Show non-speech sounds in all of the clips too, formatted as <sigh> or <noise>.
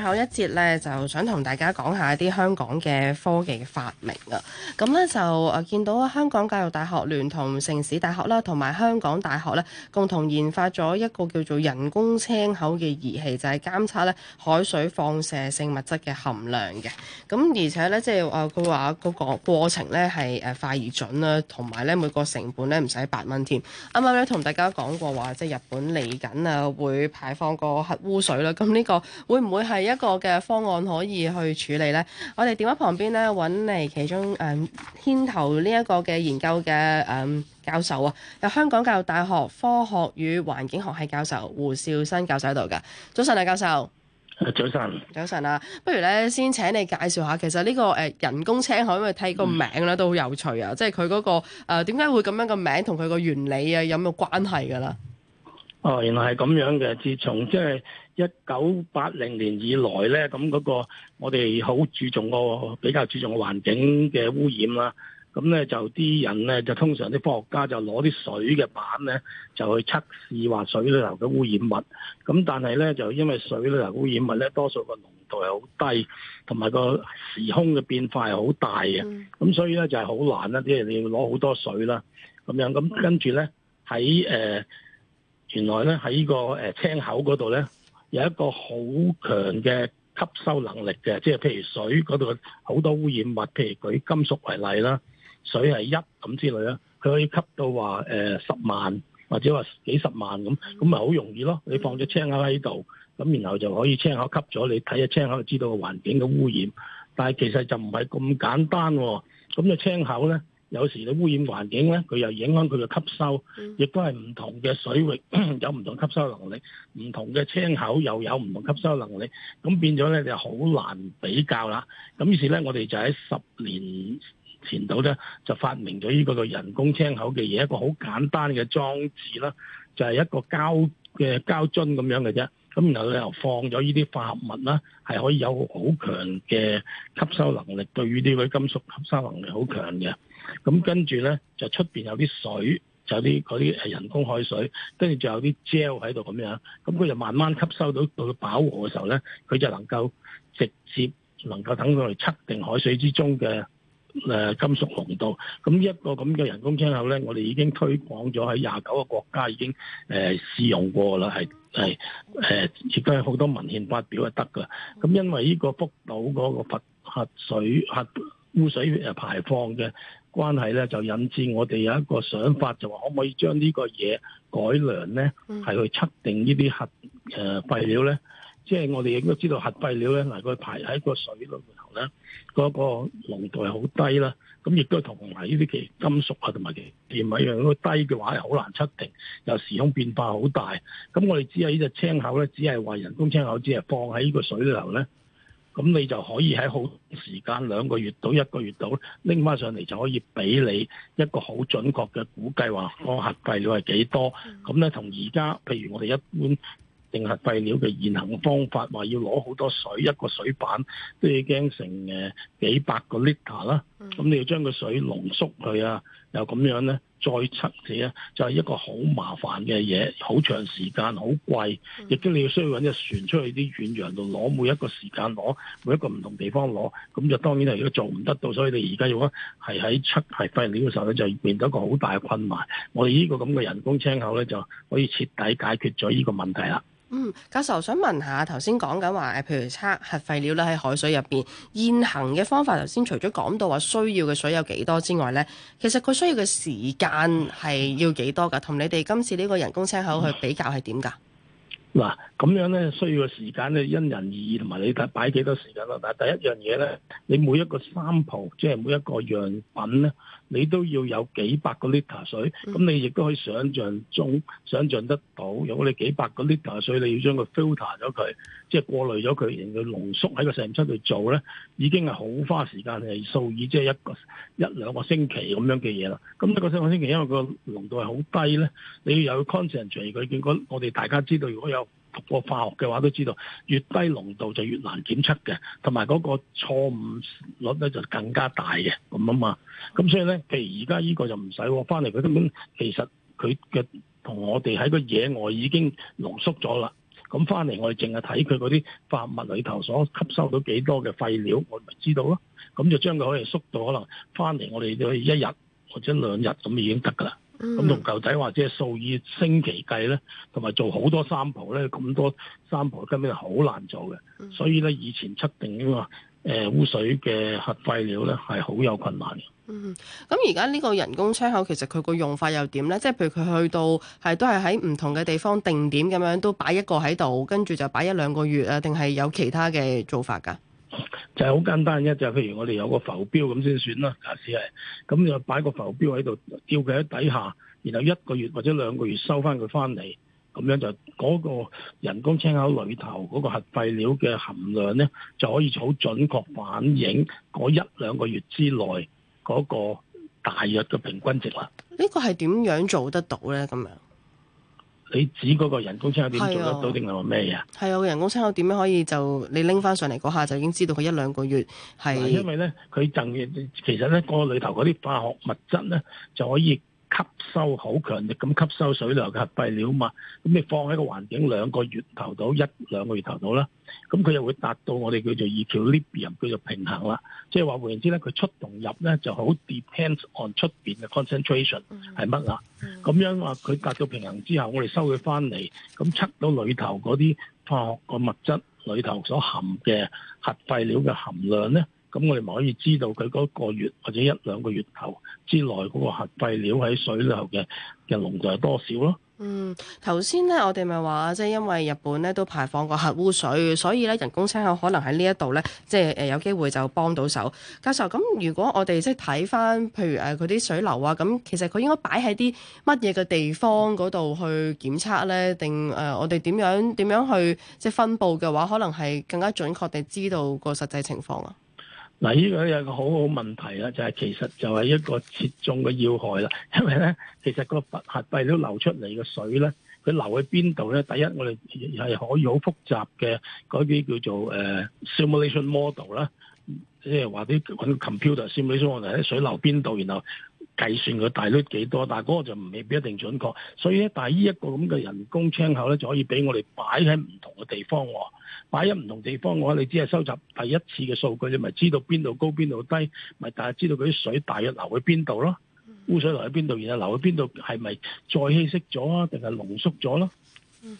最後一節咧，就想同大家講下啲香港嘅科技嘅發明啊。咁咧就誒見到香港教育大學聯同城市大學啦，同埋香港大學咧，共同研發咗一個叫做人工青口嘅儀器，就係監測咧海水放射性物質嘅含量嘅。咁而且咧，即係話佢話嗰個過程咧係誒快而準啦，同埋咧每個成本咧唔使八蚊添。啱啱咧同大家講過話，即係日本嚟緊啊會排放個核污水啦。咁呢個會唔會係？一個嘅方案可以去處理咧，我哋電話旁邊咧搵嚟，其中誒牽、嗯、頭呢一個嘅研究嘅誒、嗯、教授啊，有香港教育大學科學與環境學系教授胡紹燊教授喺度噶。早晨啊，教授。早晨。早晨啊，不如咧先請你介紹下，其實呢個誒人工青口，因為睇個名咧都好有趣啊，嗯、即係佢嗰個誒點解會咁樣個名同佢個原理啊有冇關係噶啦？哦，原來係咁樣嘅，自從即係，一九八零年以來呢，咁嗰個我哋好注重個比較注重個環境嘅污染啦。咁呢，就啲人呢，就通常啲科學家就攞啲水嘅板呢，就去測試話水裏頭嘅污染物。咁但係呢，就因為水裏頭污染物呢，多數個濃度係好低，同埋個時空嘅變化係好大嘅，咁、嗯、所以呢，就係、是、好難啦。即係你要攞好多水啦，咁樣咁跟住呢，喺誒、呃、原來呢，喺、個誒青、呃、口嗰度呢。有一個好強嘅吸收能力嘅，即係譬如水嗰度好多污染物，譬如舉金屬為例啦，水係一咁之類啦，佢可以吸到話誒十萬或者話幾十萬咁，咁咪好容易咯。你放咗青口喺度，咁然後就可以青口吸咗，你睇下青口就知道個環境嘅污染。但係其實就唔係咁簡單喎，咁個青口咧。有時你污染環境咧，佢又影響佢嘅吸收，亦都係唔同嘅水域 <coughs> 有唔同吸收能力，唔同嘅青口又有唔同吸收能力，咁變咗咧就好難比較啦。咁於是咧，我哋就喺十年前度咧就發明咗呢個嘅人工青口嘅嘢，一個好簡單嘅裝置啦，就係、是、一個膠嘅膠樽咁樣嘅啫。咁然後佢又放咗呢啲化合物啦，係可以有好強嘅吸收能力，對於呢嗰金屬吸收能力好強嘅。咁跟住咧，就出邊有啲水，就有啲啲係人工海水，跟住仲有啲膠喺度咁樣，咁佢就慢慢吸收到到飽，那個、和嘅時候咧，佢就能夠直接能夠等到我哋測定海水之中嘅誒、呃、金屬濃度。咁呢一個咁嘅人工青口咧，我哋已經推廣咗喺廿九個國家已經誒、呃、試用過啦，係係誒亦都係好多文獻發表係得噶。咁因為呢個福島嗰個核核水核污水誒排放嘅關係咧就引致我哋有一個想法，就話可唔可以將呢個嘢改良咧，係去測定呢啲核誒、呃、廢料咧？即係我哋亦都知道核廢料咧，嗱佢排喺個水度頭咧，嗰、那個濃度係好低啦。咁亦都同埋呢啲嘅金屬啊同埋其 ium 一樣如果低嘅話又好難測定，又時空變化好大。咁我哋只係呢隻青口咧，只係話人工青口只係放喺呢個水度頭咧。咁你就可以喺好時間兩個月到一個月度拎翻上嚟，就可以俾你一個好準確嘅估計，話我核廢料係幾多？咁咧、嗯，同而家譬如我哋一般定核廢料嘅現行方法，話要攞好多水一個水板都已經成誒幾百個 liter 啦。咁、嗯、你要將個水濃縮佢啊，又咁樣咧再測試啊，就係、是、一個好麻煩嘅嘢，好長時間，好貴，亦都、嗯、你要需要搵隻船出去啲遠洋度攞，每一個時間攞，每一個唔同地方攞，咁就當然係如果做唔得到，所以你而家如果係喺測係廢料嘅時候咧，就變到一個好大嘅困難。我哋呢個咁嘅人工青口咧，就可以徹底解決咗呢個問題啦。嗯，教授想問下，頭先講緊話，誒，譬如測核廢料咧喺海水入邊，現行嘅方法，頭先除咗講到話需要嘅水有幾多之外咧，其實佢需要嘅時間係要幾多噶？同你哋今次呢個人工青口去比較係點噶？嗱、嗯，咁樣咧，需要嘅時間咧，因人而異，同埋你擺幾多時間咯。但係第一樣嘢咧，你每一個 sample，即係每一個樣品咧。你都要有幾百個 liter 水，咁你亦都可以想像中、想像得到。如果你幾百個 liter 水，你要將佢 filter 咗佢，即係過濾咗佢，令佢濃縮喺個實驗室度做咧，已經係好花時間係數以即係一個一兩個星期咁樣嘅嘢啦。咁一個兩個星期，因為個濃度係好低咧，你要有 concentrate 佢。結果我哋大家知道，如果有讀過化學嘅話都知道，越低濃度就越難檢測嘅，同埋嗰個錯誤率咧就更加大嘅，咁啊嘛。咁所以咧，譬如而家依個就唔使喎，翻嚟佢根本其實佢嘅同我哋喺個野外已經濃縮咗啦。咁翻嚟我哋淨係睇佢嗰啲化物裏頭所吸收到幾多嘅廢料，我咪知道咯。咁就將佢可以縮到可能翻嚟我哋去一日或者兩日咁已經得㗎啦。咁同舊仔或者數以星期計咧，同埋做好多三浦咧，咁多三浦根本就好難做嘅。所以咧，以前測定呢個誒污水嘅核廢料咧，係好有困難嘅。嗯，咁而家呢個人工青口其實佢個用法又點咧？即係譬如佢去到係都係喺唔同嘅地方定點咁樣，都擺一個喺度，跟住就擺一兩個月啊？定係有其他嘅做法噶？就係好簡單，一就譬如我哋有個浮標咁先算啦，假使係咁你就擺個浮標喺度吊佢喺底下，然後一個月或者兩個月收翻佢翻嚟，咁樣就嗰個人工青口裏頭嗰個核廢料嘅含量咧，就可以好準確反映嗰一兩個月之內嗰個大約嘅平均值啦。呢個係點樣做得到咧？咁樣？你指嗰個人工青口點做得到定係話咩嘢啊？係啊，個人工青口點樣可以就你拎翻上嚟嗰下就已經知道佢一兩個月係。因為咧，佢嘅其實咧，個裏頭嗰啲化學物質咧，就可以。吸收好強力，咁吸收水流嘅核廢料啊嘛，咁、嗯、你放喺個環境兩個月頭到一兩個月頭到啦，咁、嗯、佢又會達到我哋叫做 equilibrium 叫做平衡啦，即係話換言之咧佢出同入咧就好 depends on 出邊嘅 concentration 係乜啦，咁、嗯嗯、樣話佢達到平衡之後，我哋收佢翻嚟，咁、嗯嗯、測到裏頭嗰啲化學個物質裏頭所含嘅核廢料嘅含量咧？咁我哋咪可以知道佢嗰個月或者一兩個月頭之內嗰個核廢料喺水流嘅嘅濃度係多少咯？嗯，頭先咧，我哋咪話即係因為日本咧都排放過核污水，所以咧人工青口可能喺呢一度咧，即係誒有機會就幫到手。教授，咁，如果我哋即係睇翻，譬如誒佢啲水流啊，咁其實佢應該擺喺啲乜嘢嘅地方嗰度去檢測咧？定誒、呃、我哋點樣點樣去即係分佈嘅話，可能係更加準確地知道個實際情況啊？嗱，呢個有個好好問題啦，就係、是、其實就係一個切中嘅要害啦，因為咧，其實個核核廢料流出嚟嘅水咧，佢流去邊度咧？第一，我哋係可以好複雜嘅嗰啲叫做誒、呃、simulation model 啦，即係話啲 computer simulation 我哋喺水流邊度，然後。計算佢大率幾多，但係嗰個就未必一定準確，所以咧，但係呢一個咁嘅人工青口咧，就可以俾我哋擺喺唔同嘅地方。擺喺唔同地方嘅話，你只係收集第一次嘅數據，你咪知道邊度高邊度低，咪大係知道嗰啲水大約流去邊度咯，污水流去邊度然後流去邊度，係咪再稀釋咗啊？定係濃縮咗咯？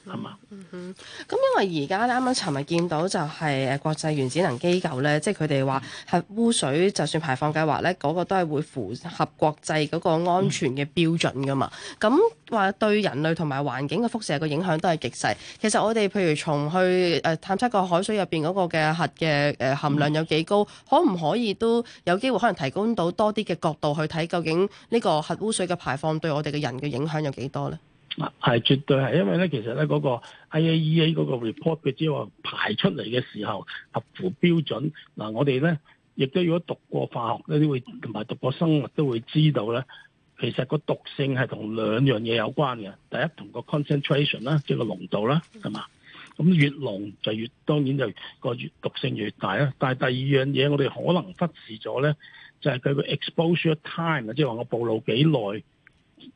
係嘛？咁、嗯嗯、因為而家啱啱尋日見到就係誒國際原子能機構咧，即係佢哋話核污水就算排放計劃咧，嗰、嗰個都係會符合國際嗰個安全嘅標準噶嘛。咁話對人類同埋環境嘅輻射嘅影響都係極細。其實我哋譬如從去誒探測個海水入邊嗰個嘅核嘅誒含量有幾高，嗯、可唔可以都有機會可能提供到多啲嘅角度去睇究竟呢個核污水嘅排放對我哋嘅人嘅影響有幾多咧？嗱，係絕對係，因為咧，其實咧嗰、那個 IAEA 嗰個 report 嘅即係話排出嚟嘅時候合乎標準。嗱、啊，我哋咧亦都如果讀過化學咧，都會同埋讀過生物都會知道咧，其實個毒性係同兩樣嘢有關嘅。第一同個 concentration 啦，即係個濃度啦，係嘛？咁越濃就越當然就個越毒性越大啦。但係第二樣嘢，我哋可能忽視咗咧，就係、是、佢個 exposure time 啊，即係話我暴露幾耐。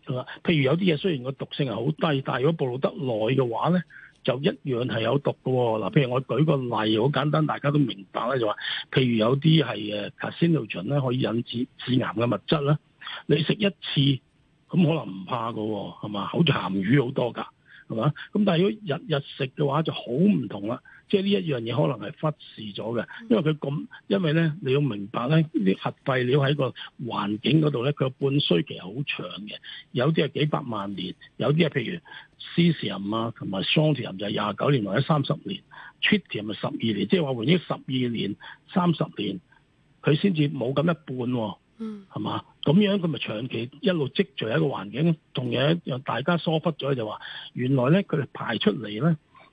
係譬如有啲嘢雖然個毒性係好低，但係如果暴露得耐嘅話咧，就一樣係有毒嘅喎。嗱，譬如我舉個例，好簡單，大家都明白啦，就話，譬如有啲係誒 carcinogen 咧，可以引致致癌嘅物質啦。你食一次咁可能唔怕㗎，係嘛？好似鹹魚好多㗎，係嘛？咁但係如果日日食嘅話，就好唔同啦。即係呢一樣嘢，可能係忽視咗嘅，因為佢咁，因為咧你要明白咧，啲核廢料喺個環境嗰度咧，佢半衰期係好長嘅。有啲係幾百萬年，有啲係譬如 cesium 啊，同埋 strontium 就係廿九年或者三十年，tritium 係十二年，即係話回憶十二年、三十年，佢先至冇咁一半嗯、啊，係嘛？咁樣佢咪長期一路積聚喺個環境？仲有一樣大家疏忽咗就話，原來咧佢哋排出嚟咧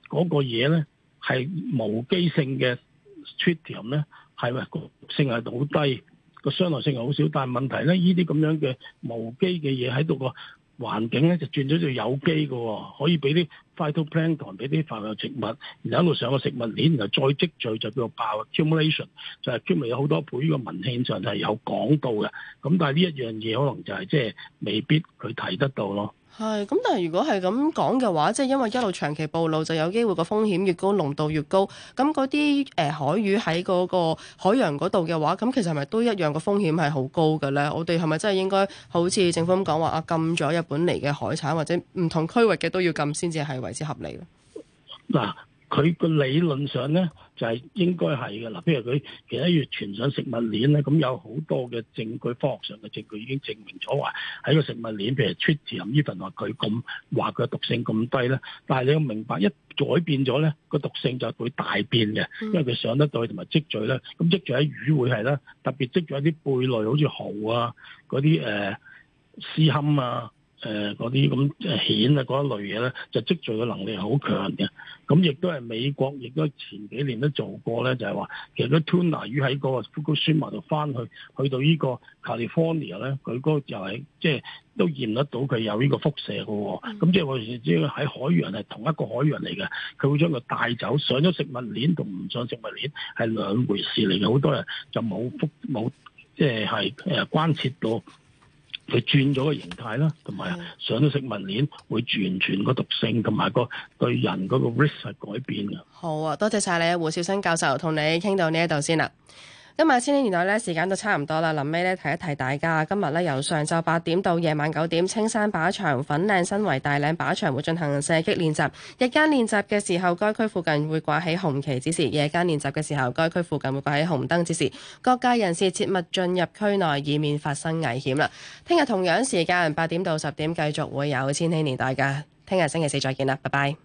嗰個嘢咧。係無機性嘅 tritium 咧，係咪個性係好低，個傷害性係好少？但係問題咧，呢啲咁樣嘅無機嘅嘢喺度個環境咧，就轉咗做有機嘅、哦，可以俾啲 phytoplankton 俾啲浮游植物，然後喺度上個食物鏈就再積聚就叫做爆 accumulation，就係出面有好多倍嘅文獻上就係有講到嘅。咁但係呢一樣嘢可能就係、是、即係未必佢睇得到咯。係，咁但係如果係咁講嘅話，即係因為一路長期暴露，就有機會個風險越高濃度越高。咁嗰啲誒海魚喺嗰個海洋嗰度嘅話，咁其實係咪都一樣個風險係好高嘅咧？我哋係咪真係應該好似政府咁講話啊，禁咗日本嚟嘅海產，或者唔同區域嘅都要禁先至係為之合理咧？嗱、啊。佢個理論上咧，就係、是、應該係嘅。嗱，譬如佢其實一月傳上食物鏈咧，咁有好多嘅證據，科學上嘅證據已經證明咗話喺個食物鏈，譬如 tritium 呢份話佢咁話佢嘅毒性咁低咧。但係你要明白，一改變咗咧，個毒性就會大變嘅，嗯、因為佢上得到去同埋積聚咧。咁積聚喺魚會係啦，特別積聚喺啲貝類，好似蠔啊嗰啲誒，絲堪、呃、啊。誒嗰啲咁蜆啊嗰一類嘢咧，就積聚嘅能力好強嘅。咁、嗯、亦、嗯、都係美國，亦都前幾年都做過咧，就係、是、話其實啲 Tuna 魚喺個 Fukushima 度返去，去到個呢個 California、就、咧、是，佢嗰就係即係都驗得到佢有呢個輻射嘅喎、哦。咁即係我哋只要喺海洋，係同一個海洋嚟嘅，佢會將佢帶走，上咗食物鏈同唔上食物鏈係兩回事嚟嘅。好多人就冇輻冇即係係誒關切到。佢轉咗個形態啦，同埋上到食物鏈會完全個毒性同埋個對人嗰個 risk 係改變嘅。好啊，多謝晒你啊，胡紹燊教授，同你傾到呢一度先啦。今日《千禧年代》咧，時間都差唔多啦。臨尾咧，提一提大家，今日咧由上晝八點到夜晚九點，青山靶場、粉嶺新圍、大嶺靶場會進行射擊練習。日間練習嘅時候，該區附近會掛起紅旗指示；夜間練習嘅時候，該區附近會掛起紅燈指示。各界人士切勿進入區內，以免發生危險啦。聽日同樣時間八點到十點，繼續會有《千禧年代》㗎。聽日星期四再見啦，拜拜。